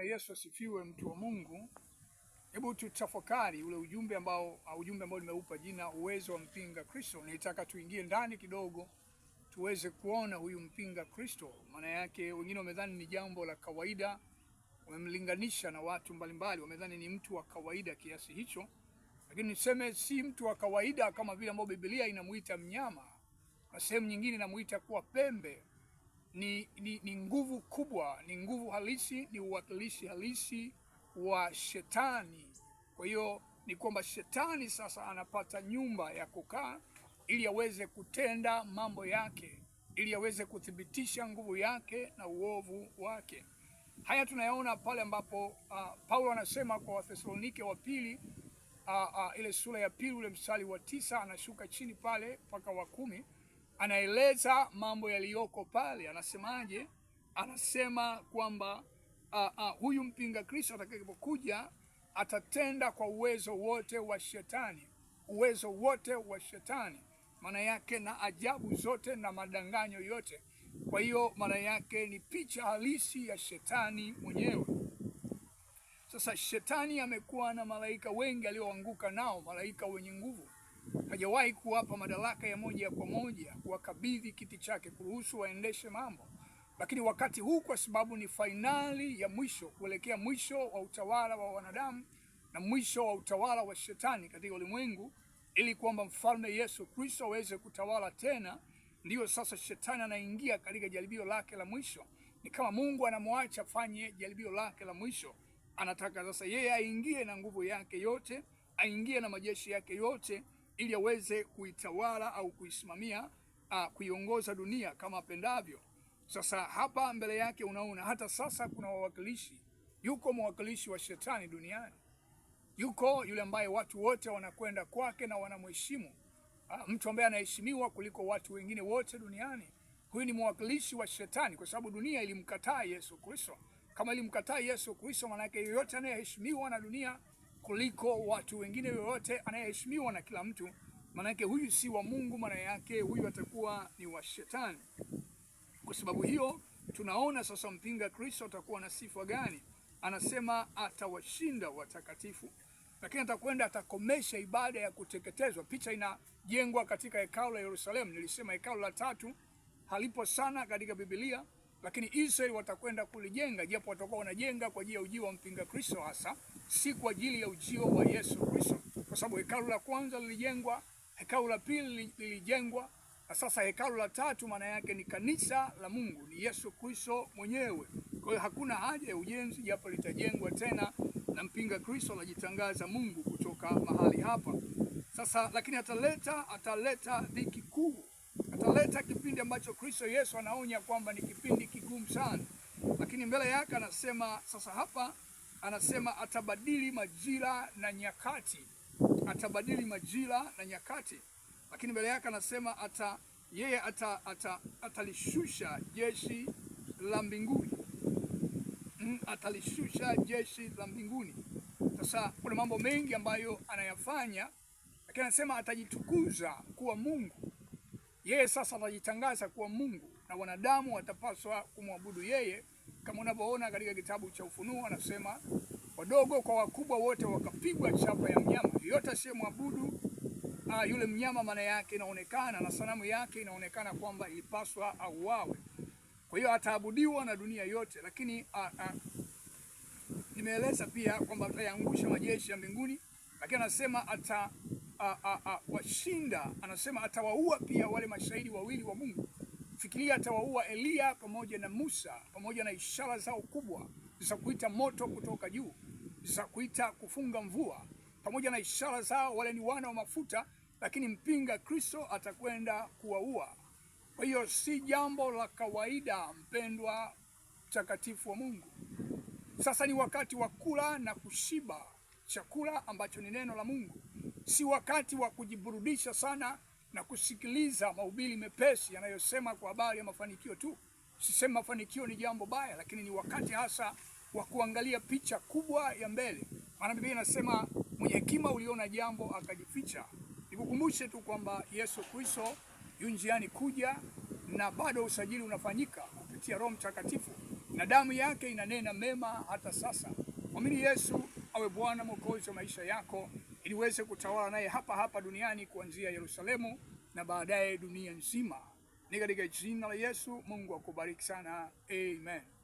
Bwana Yesu asifiwe, mtu wa Mungu. Hebu tutafakari ule ujumbe ambao ujumbe ambao nimeupa jina uwezo wa mpinga Kristo. Nitaka tuingie ndani kidogo tuweze kuona huyu mpinga Kristo. Maana yake wengine wamedhani ni jambo la kawaida, wamemlinganisha na watu mbalimbali, wamedhani ni mtu wa kawaida kiasi hicho, lakini niseme si mtu wa kawaida kama vile ambao Biblia inamuita mnyama na sehemu nyingine inamuita kuwa pembe ni, ni, ni nguvu kubwa, ni nguvu halisi, ni uwakilishi halisi wa shetani. Kwa hiyo ni kwamba shetani sasa anapata nyumba ya kukaa ili aweze kutenda mambo yake, ili aweze kuthibitisha nguvu yake na uovu wake. Haya tunayaona pale ambapo uh, Paulo anasema kwa Wathesalonike wa pili uh, uh, ile sura ya pili ule mstari wa tisa anashuka chini pale mpaka wa kumi anaeleza mambo yaliyoko pale. Anasemaje? Anasema kwamba uh, uh, huyu mpinga Kristo atakapokuja atatenda kwa uwezo wote wa shetani, uwezo wote wa shetani, maana yake na ajabu zote na madanganyo yote. Kwa hiyo maana yake ni picha halisi ya shetani mwenyewe. Sasa shetani amekuwa na malaika wengi alioanguka nao, malaika wenye nguvu hajawahi kuwapa madaraka ya moja kwa moja kuwakabidhi kiti chake kuruhusu waendeshe mambo, lakini wakati huu kwa sababu ni fainali ya mwisho kuelekea mwisho wa utawala wa wanadamu na mwisho wa utawala wa shetani katika ulimwengu, ili kwamba mfalme Yesu Kristo aweze kutawala tena. Ndiyo sasa shetani anaingia katika jaribio lake la mwisho. Ni kama Mungu anamwacha afanye jaribio lake la mwisho, anataka sasa yeye aingie na nguvu yake yote, aingie na majeshi yake yote ili aweze kuitawala au kuisimamia uh, kuiongoza dunia kama apendavyo. Sasa hapa mbele yake unaona hata sasa kuna wawakilishi, yuko mwakilishi wa shetani duniani, yuko yule ambaye watu wote wanakwenda kwake na wanamheshimu, uh, mtu ambaye anaheshimiwa kuliko watu wengine wote duniani. Huyu ni mwakilishi wa shetani, kwa sababu dunia ilimkataa Yesu Kristo. Kama ilimkataa Yesu Kristo, maana yake yeyote anayeheshimiwa na dunia kuliko watu wengine yoyote, anayeheshimiwa na kila mtu. Maanake huyu si wa Mungu, maana yake huyu atakuwa ni wa Shetani. Kwa sababu hiyo tunaona sasa mpinga Kristo atakuwa na sifa gani? Anasema atawashinda watakatifu, lakini atakwenda atakomesha ibada ya kuteketezwa. Picha inajengwa katika hekalu la Yerusalemu. Nilisema hekalu la tatu halipo sana katika Biblia lakini Israeli watakwenda kulijenga, japo watakuwa wanajenga kwa ajili ya ujio wa mpinga Kristo, hasa si kwa ajili ya ujio wa Yesu Kristo, kwa sababu hekalu la kwanza lilijengwa, hekalu la pili lilijengwa, na sasa hekalu la tatu maana yake ni kanisa la Mungu, ni Yesu Kristo mwenyewe. Kwa hiyo hakuna haja ya ujenzi, japo litajengwa tena na mpinga Kristo anajitangaza Mungu kutoka mahali hapa sasa, lakini ataleta ataleta dhiki kuu, ataleta kipindi ambacho Kristo Yesu anaonya kwamba ni kipindi ngumu sana, lakini mbele yake anasema sasa, hapa anasema atabadili majira na nyakati, atabadili majira na nyakati, lakini mbele yake anasema ata yeye ata, ata, atalishusha jeshi la mbinguni mm, atalishusha jeshi la mbinguni. Sasa kuna mambo mengi ambayo anayafanya, lakini anasema atajitukuza kuwa Mungu. Yeye sasa atajitangaza kuwa Mungu na wanadamu watapaswa kumwabudu yeye, kama unavyoona katika kitabu cha Ufunuo anasema wadogo kwa wakubwa wote wakapigwa chapa ya mnyama. Yeyote asiyemwabudu uh, yule mnyama, maana yake inaonekana na sanamu yake inaonekana kwamba ilipaswa auawe. Kwa hiyo ataabudiwa na dunia yote, lakini uh, uh, nimeeleza pia kwamba atayangusha majeshi ya mbinguni, lakini anasema ata uh, uh, uh, washinda, anasema atawaua pia wale mashahidi wawili wa Mungu. Fikiria atawaua Eliya pamoja na Musa pamoja na ishara zao kubwa za kuita moto kutoka juu, za kuita kufunga mvua pamoja na ishara zao. Wale ni wana wa mafuta, lakini mpinga Kristo atakwenda kuwaua. Kwa hiyo si jambo la kawaida, mpendwa mtakatifu wa Mungu. Sasa ni wakati wa kula na kushiba chakula ambacho ni neno la Mungu, si wakati wa kujiburudisha sana na kusikiliza mahubiri mepesi yanayosema kwa habari ya mafanikio tu. Sisema mafanikio ni jambo baya, lakini ni wakati hasa wa kuangalia picha kubwa ya mbele, maana Biblia inasema mwenye hekima uliona jambo akajificha. Nikukumbushe tu kwamba Yesu Kristo yu njiani kuja, na bado usajili unafanyika kupitia Roho Mtakatifu na damu yake inanena mema hata sasa. Mwamini Yesu awe Bwana Mwokozi wa maisha yako ili uweze kutawala naye hapa hapa duniani kuanzia Yerusalemu na baadaye dunia nzima. Ni katika jina la Yesu, Mungu akubariki sana. Amen.